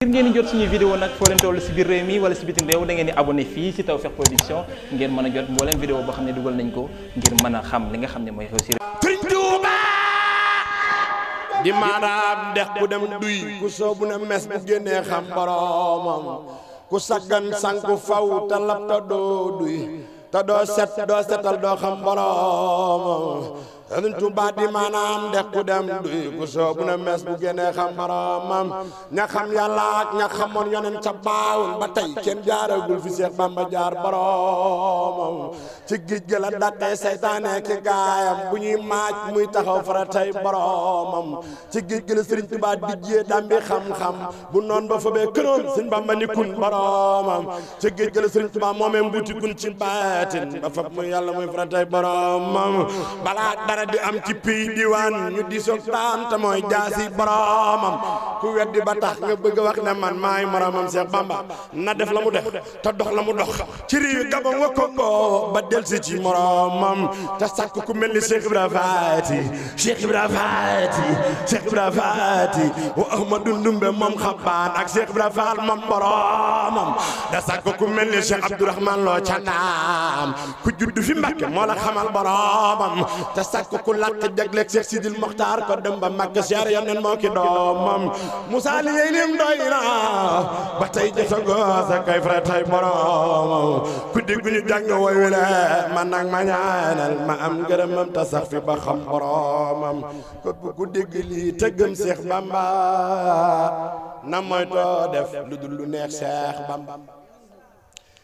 ngir ngeen di jot suñuy vidéo nag foo leen toll si biir réew mi wala si bitim réew da ngeen di abonné fii si Tawfekh Production mën a jot mbooleem vidéo boo ne dugal nañ ko ngir mën a xam li nga xam ne mooy xew si réew Sëriñ Tuuba di maanaam dex bu dem duy ku soobu na mes bu génnee xam boroomam ku saggan sanku faw te lab ta doo duy te doo set doo setal doo xam boroomam Sëriñ Tuubaa di maanaam dex ku dem duy ku soobu na mes bu génnee xam xaramam ña xam yàlla ak ña xamoon yoneen ca baawun ba tey kenn a fi Seex Bamba jaar boromam ci géej gi la dàqee seytaane ki gaayam bu ñuy maaj muy taxaw faratay boromam ci géej gi la sëriñ Tuubaa dijjee dambi xam-xam bu noon ba fa bee kënoon sëñ Bamba ni kun boromam ci géej gi la sëriñ Tuubaa moomee mbuuti kun ci baatin ba fa muy yàlla muy faratay boromam balaa dara di am ci pii diwaan ñu di soog taam te mooy jaasi boromam ku weddi ba tax nga bëgg a wax ne man maay moromam Cheikh Bamba na def la mu def te dox la mu dox ci réew Gabon wa Congo jël si ci moromam te sàkk ku mel ni Cheikh Ibra Faati Cheikh Ibra Faati Cheikh Ibra Faati wa Ahmadu Ndumbe ak Cheikh Ibra Faal moom boromam te ku mel ni Cheikh Abdourahman Lo fi Mbàkke moo la xamal boromam te sàkk ku làkk jagleeg Cheikh Sidil Mokhtar ko dem ba Makka siyaare Yonent moo ki doomam Moussa li ngay lim doy ba tey jëfandikoo sa kay fara tey boromam ku dégg ñu jàng woy wi man nag ma ñaanal ma am ngërëmam te fi ba xam boromam képp ku dégg lii te Seex Bamba na moytoo def lu dul lu neex Seex Bamba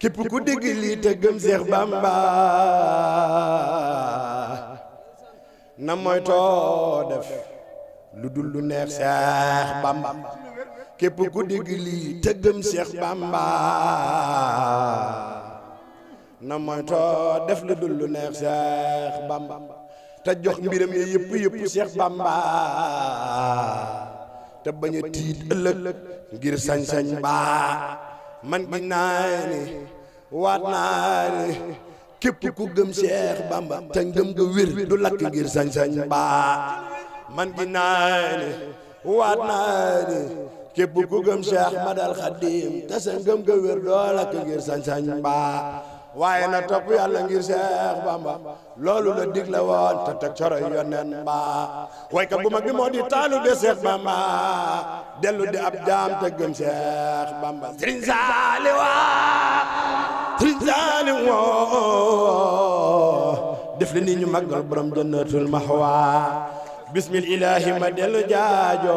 képp ku dégg lii te gëm Seex Bamba na moytoo def lu dul lu neex Seex Bamba képp ku dégg lii te Seex Bamba na moytoo def lu dul lu neex Seex Bamba te jox mbiram yi yëpp yëpp Seex Bamba te bañ tiit ëllëg ngir sañ-sañ baa man gi naa ni waat naa ni képp ku gëm Seex Bamba te ngëm ga wér du lakk ngir sañ-sañ baa man gi naa ni waat naa ni képp ku gëm Seex Madal Xadim te sa ngëm ga wér doo lakk ngir sañ-sañ baa waaye na topp yàlla ngir Seex Bamba loolu la digle woon te teg coro yoneen ba waykat bu mag bi moo di taalu de Seex Bamba dellu di ab jaam te gëm Seex Bamba Sëriñ Saali wa Sëriñ def li ni ñu màggal borom jannatul mahwa bismil ilaahi ma dellu jaajo